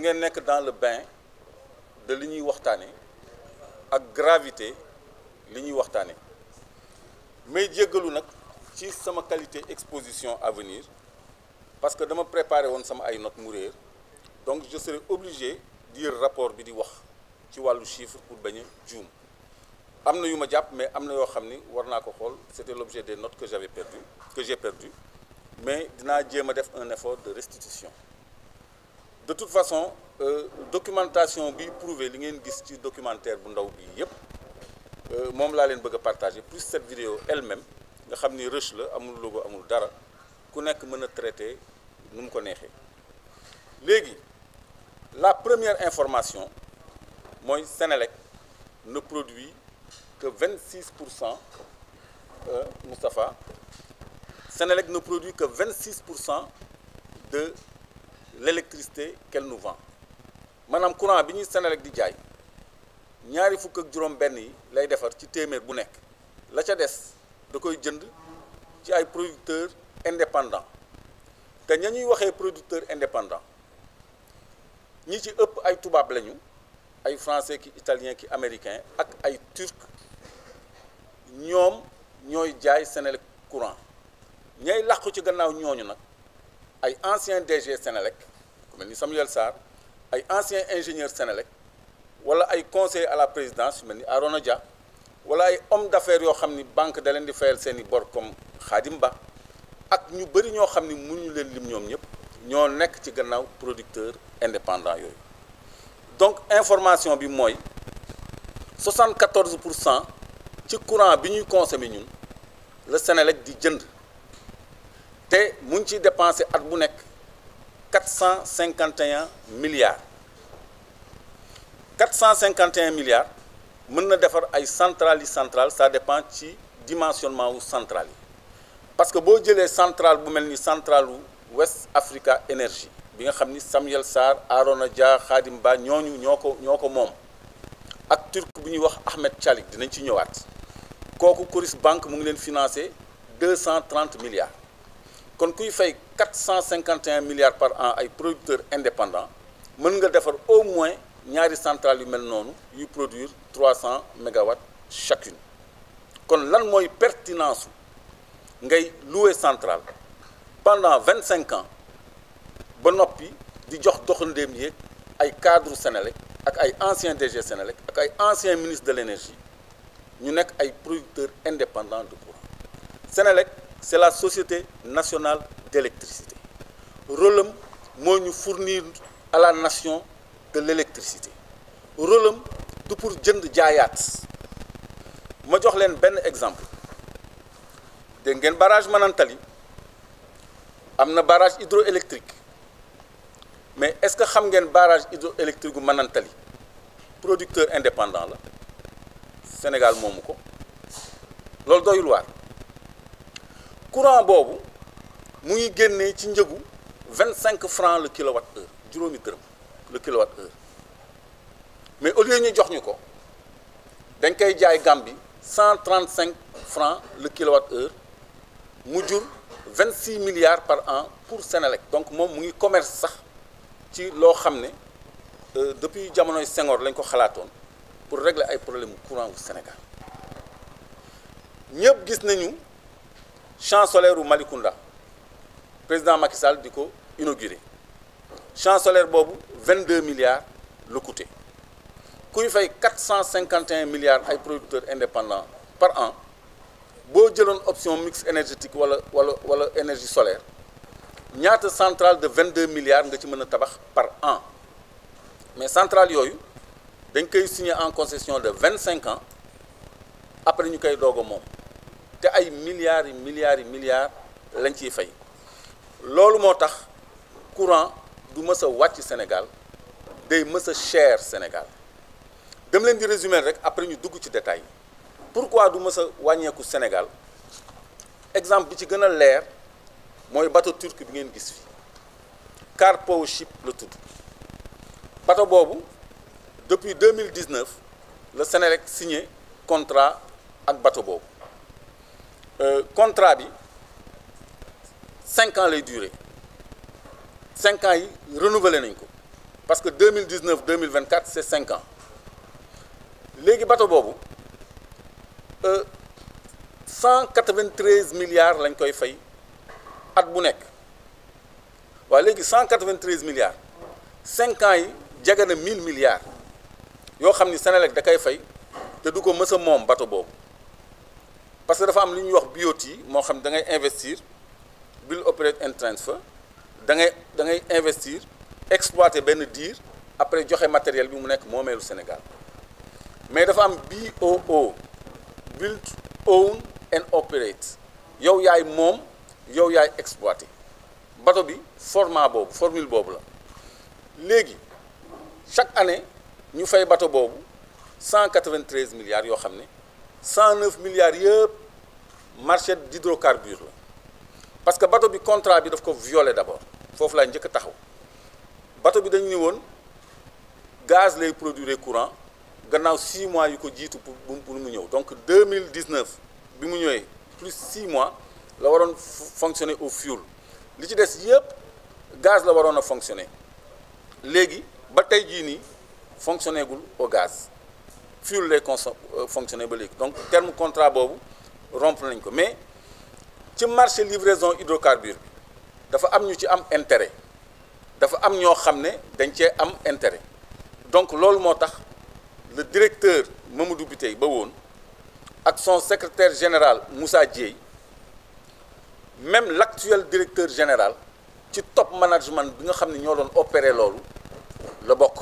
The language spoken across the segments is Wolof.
bu ngeen nekk dans le bain de li ñuy waxtaanee ak gravité li ñuy waxtaanee may jéggalu nag ci sama qualité exposition à venir parce que dama préparer woon sama ay not mu réer donc je serai obligé dire rapport bi di wax ci wàllu chiffre pour bañ a juum am na yu ma jàpp mais am na yoo xam ni war naa ko xool c'était l'objet des note que j'avais perdu que j'ai perdu mais dinaa jéem a def un effort de restitution de toute façon euh, documentation bi prouvé li ngeen gis ci documentaire bu ndaw bii yëpp euh, moom laa leen bëgg a plus cette vidéo elle-même nga xam ni rush la amul logo amul dara ku nekk mën a traité nu mu ko neexee léegi la première information mooy Sénélec ne produit que 26 pour cent euh, Moustapha Sénélec ne produit que 26 pour cent de. l'électricité qu'elle nous vend maanaam courant bi ñuy Senelec di jaay ñaari fukk ak juróom-benn yi lay defar ci téeméer bu nekk la ca des da koy jënd ci ay producteurs indépendants te ña ñuy waxee producteurs indépendants ñi ci ëpp ay tubaab lañu ay français ki italien ki américain ak ay turc ñoom ñooy jaay Senelec courant ñay làqu ci gannaaw ñooñu nag. ay ancien DG Sénélec ku mel ni Samuel Sarr ay ancien ingénieur Sénélec wala ay conseiller à la présidence yu mel ni Arona ja wala ay homme d'affaires yoo xam ni banque da leen di fayal seen i bor comme Khadim Ba ak ñu bëri ñoo xam ni mënuñu leen lim ñoom ñëpp ñoo nekk ci gannaaw producteur indépendant yooyu donc information bi mooy 74 pour cent ci courant bi ñuy consommer ñun la Sénélec di jënd te mu ngi ciy dépensé at bu nekk quatre cent cinquante et un milliards cent cinquante et un milliards mën na defar ay centrales yi centrales ça dépend ci dimensionnement wu centrale yi parce que boo jëlee centrale bu mel ni centrale wu West Africa Energy bi nga xam ni Samuel Sarr Arona Dia Khadim Ba ñooñu ñoo ko ñoo ko moom ak turc bu ñuy wax Ahmed Chalik dinañ ci ñëwaat kooku Coris Bank mu ngi leen financé deux cent trente milliards. kon kuy fay quatre cent cinquante et un milliards par an ay producteurs indépendants mën nga defar au moins ñaari centrales yu mel noonu yuy produire trois cent mégawatts chacune kon lan mooy pertinence ngay louer centrale pendant vingt cinq ans ba noppi di jox doxandéem yéeg ay cadre Senelec ak ay ancien DG Senelec ak ay ancien ministre de l'énergie ñu nekk ay producteurs indépendants de courant Senelec c'est la société nationale d'électricité rôle moo ñu fournir à la nation de l'électricité rôle du pour jënd jaayaat ma jox leen benn exemple dégg ngeen barrage Manantali am na barrage hydroélectrique mais est-ce que xam ngeen barrage hydroélectrique gu Manantali producteur indépendant la Sénégal moomu ko loolu doyul waar courant boobu mu ngi génnee ci njëgu vingt cinq francs la kilowatt heure juróomi dërëm le kilowatt heure mais au lieu ñu jox ñu ko dañ koy jaay Gambie cent trente cinq francs le kilowatt heure mu jur vingt six milliards par an pour Sénélec donc moom mu ngi commerce sax ci loo xam ne euh, depuis jamonoy Senghor lañ ko xalaatoon pour régler ay problème courant wu Sénégal ñëpp gis nañu champ solaire u Malicounda président Macky Sall di ko inauguré champ solaire boobu 22 milliards la coûté kuy fay 451 milliards ay producteurs indépendants par an boo jëloon option mix énergétique wala wala wala énergie solaire ñaata centrale de 22 milliards nga ci mën a tabax par an mais centrale yooyu dañ koy signer en concession de cinq ans après ñu koy doog a moom. te ay milliards yi milliards yi milliards lañ ciy fay loolu moo tax courant du mës a wàcc Sénégal day mës a cher Sénégal dem leen di résumer rek après ñu dugg ci détail pourquoi du mës a wàññeeku Sénégal exemple bi ci gën a leer mooy bateau turc bi ngeen gis fi car powership la tudd bateau boobu depuis 2019 la rek signé contrat ak bateau boobu Euh, contrat bi cinq ans lay durer cinq ans yi renouveler nañ ko parce que 2019 2024 c'est cinq ans léegi bato boobu euh, cent quatre-vingt-treize milliards lañ koy fay at bu nekk waaye léegi cent quatre-vingt-treize milliards cinq ans yi jege na mille milliards yoo xam ni Sénélec da koy fay te du ko mës a moom bato boobu. parce que dafa am lu ñuy wax BOT moo xam ne dangay investir build operate and transfer da ngay da ngay investir exploité benn diir après joxe matériel bi mu nekk moomeelu Sénégal mais dafa am BOO build own and operate yow yaay moom yow yaay exploité bato bi format boobu formule boobu la léegi chaque année ñu fay bato boobu 193 milliards yoo xam ne 109 milliards yëpp. marché d'hydrocarbures la parce que bateau bi contrat bi daf ko violé d'abord foofu laa njëkk a taxaw bateau bi dañ ni woon gaz lay produire courant gannaaw 6 mois yu ko jiitu pour pour mu ñëw donc 2019 bi mu ñëwee plus 6 mois la waroon fonctionner au fioul li ci des yëpp gaz la waroon a fonctionner léegi ba tey jii nii fonctionner gul au gaz fioul lay con euh, fonctionner ba léegi donc terme contrat boobu. rompre nañ ko mais ci marché livraison hydrocarbure bi dafa am ñu ci am intéret dafa am ñoo xam ne dañ cee am intérêt donc loolu moo tax le directeur Mamadou Biteye ba woon ak son secretaire général Moussa Dieye même l'actuel directeur général ci top management bi nga xam ne ñoo doon opérer loolu la bokk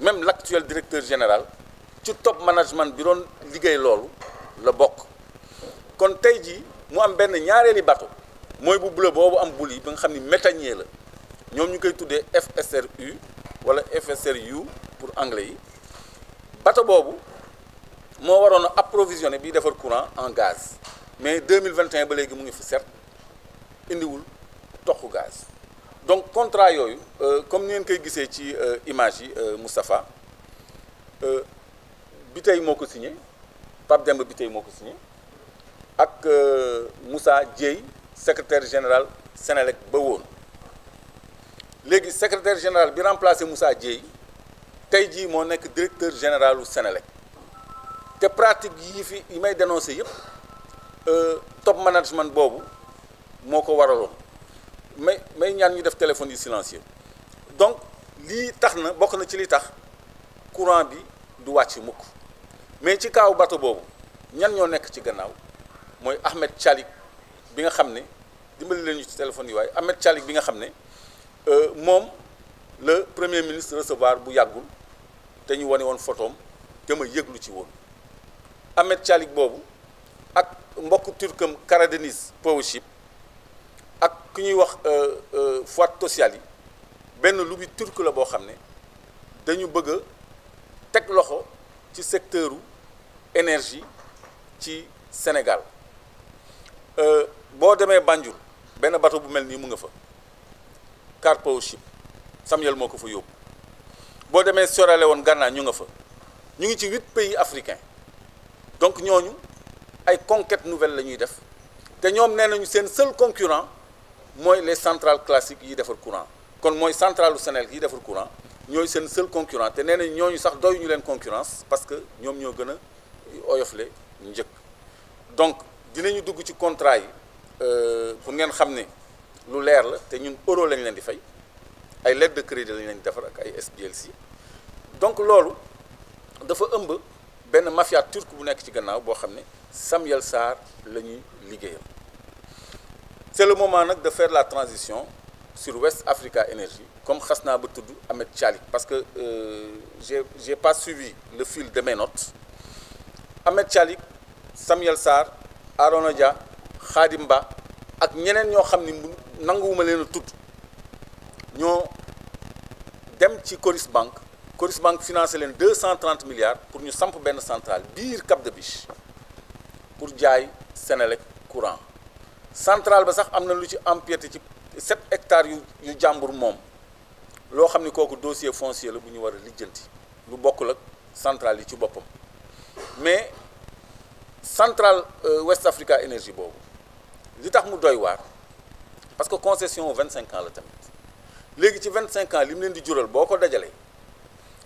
même l'actuel directeur général ci top management bi doon liggéey loolu la bokk kon tey jii mu am benn ñaareeli bateau mooy bu bleu boobu am bul yi ba nga xam ni méthanier la ñoom ñu koy tuddee FSRU wala FSRU pour anglais yi bateau boobu moo waroon a approvisionné bi defar courant en gaz mais 2021 ba léegi mu ngi fi set indiwul toxu gaz donc contrat yooyu euh, comme ni ngeen koy gisee ci euh, image yi euh, Moustapha bi tey moo ko signé Pape Demba bi tey moo ko signé ak euh, Moussa Dieye secretaire général Sénélec ba woon léegi secretaire général bi remplacé Moussa Dieye tey jii moo nekk directeur généralu Sénélec te pratique yi fi yi may dénoncé yëpp euh, top management boobu moo ko waraloon may may ñaan ñu def téléphone yi silencieux donc lii tax na bokk na ci li tax courant bi du wàcc mukk mais ci kaaw bato boobu ñan ñoo nekk ci gannaaw mooy Ahmed Thialik bi nga xam ne dimbali leen ñu ci téléphone yi waaye Ahmed Thialik bi nga xam ne euh, moom la premier ministre recevoir bu yàggul te ñu wane woon photoom te ma yëglu ci woon Ahmed boobu ak mbokk turkam Karadeniz Poweship ak ki ñuy wax euh, euh, Fuat Tosyaali benn lobby turc la boo xam ne dañu bëgg a teg loxo ci secteuru énergie ci Sénégal Euh, boo demee Banjul benn bateau bu mel nii mu nga fa Carpo ship Samuel moo ko fa yóbbu boo demee Sierra woon Ghana ñu nga fa ñu ngi ci huit pays africain donc ñooñu ay conquête nouvelle la ñuy def te ñoom nee nañu seen seul concurrent mooy les centrales classiques yi defar courant kon mooy centralu Senelec yi defar courant ñooy seen seul concurrent te nee nañ ñooñu sax doyuñu leen concurrence parce que ñoom ñoo gën a oyofle njëkk dinañu dugg ci contrat yi ku euh, ngeen xam ne lu leer la te ñun euro lañ leen di fay ay lettre de crédit lañ leen defar ak ay SBLC donc loolu dafa ëmb benn mafia turque bu nekk ci gannaaw boo xam ne Samuel Sarr la ñuy liggéeyal c'est le moment nag de faire la transition sur West Africa énergie comme xas naa ba tudd Ahmed Chalik parce que euh, j'ai j'ai pas suivi le fil de mes notes Ahmed Samuel Sarr Arona Dia Khadim Ba ak ñeneen ñoo xam ni nanguwuma leen a tudd ñoo dem ci Coris banque Coris banque financé leen deux cent trente milliards pour ñu samp benn centrale biir Cap de Biche pour jaay Sénélec courant centrale ba sax am na lu ci empiété ci sept hectares yu yu jàmbur moom loo xam ni kooku dossier foncier la bu ñu war a lijjanti lu bokkul ak centrale yi ci boppam mais. centrale euh, West Africa Energy boobu li tax mu doy waar parce que concession vingt cinq ans la tamit léegi ci vingt cinq ans li mu leen di jural boo ko dajalee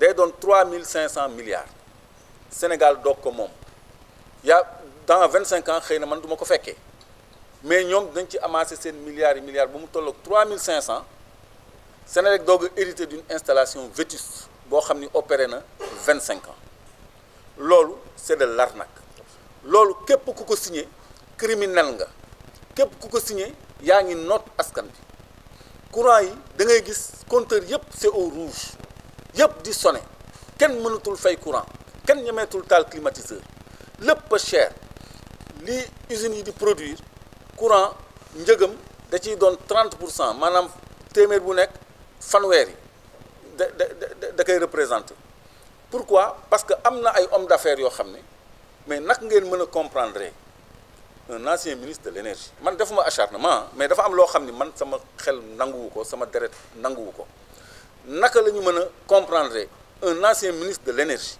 day doon trois mille cinq cent milliards Sénégal doog ko moom yaa dans vingt cinq ans xëy na man duma ko fekkee mais ñoom dañ ci amassé seen milliards yi milliards ba mu tolloog trois mille cinq cent Sénélec doog a hérité d'une installation vétuste boo xam ni opéré na vingt cinq ans loolu c'est de l'arnaque loolu képp ku ko signé criminel nga képp ku ko signé yaa ngi noot askan bi courant yi da ngay gis compteur yëpp c'est au rouge yëpp di sonné kenn mënatul fay courant kenn ñemeetul taal climatiseur lépp a cher li usines yi di produire courant njëgam da ciy doon trente pour cent maanaam téeméer bu nekk fanweer yi da da da da koy représenté pourquoi parce que am na ay hommes d'affaires yoo xam ne mais nag ngeen mën a comprendre un ancien ministre de l'énergie man ma acharnement mais dafa am loo xam ni man sama xel nanguwu ko sama deret nanguwu ko naka la ñu mën a comprendre un ancien ministre de l'énergie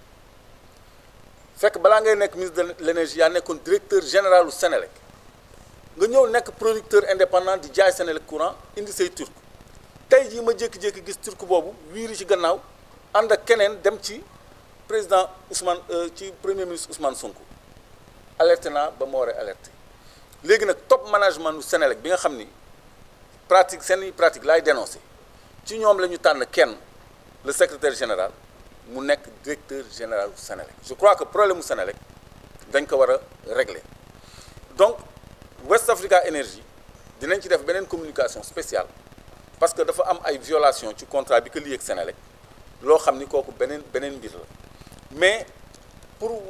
fekk balaa ngay nekk ministre de l'énergie yaa nekkoon directeur général u nga ñëw nekk producteur indépendant di jaay Sénélec courant indi say turc tey jii ma jékki-jékki gis turc boobu wiiri ci gannaaw ànd ak keneen dem ci président Ousmane euh, ci premier ministre Ousmane Sonko alerte naa ba ma war alerte léegi nag top management nu Sénélec bi nga xam ni pratique seen pratique laay dénoncé ci ñoom la ñu tànn kenn le secretaire général mu nekk directeur général bu Sénélec je crois que problème mu dañ ko war a régler donc West Africa Energy dinañ ci def beneen communication spéciale parce que dafa am ay violation ci contrat bi ko lii ak Sénélec loo xam ni kooku beneen beneen mbir mais pour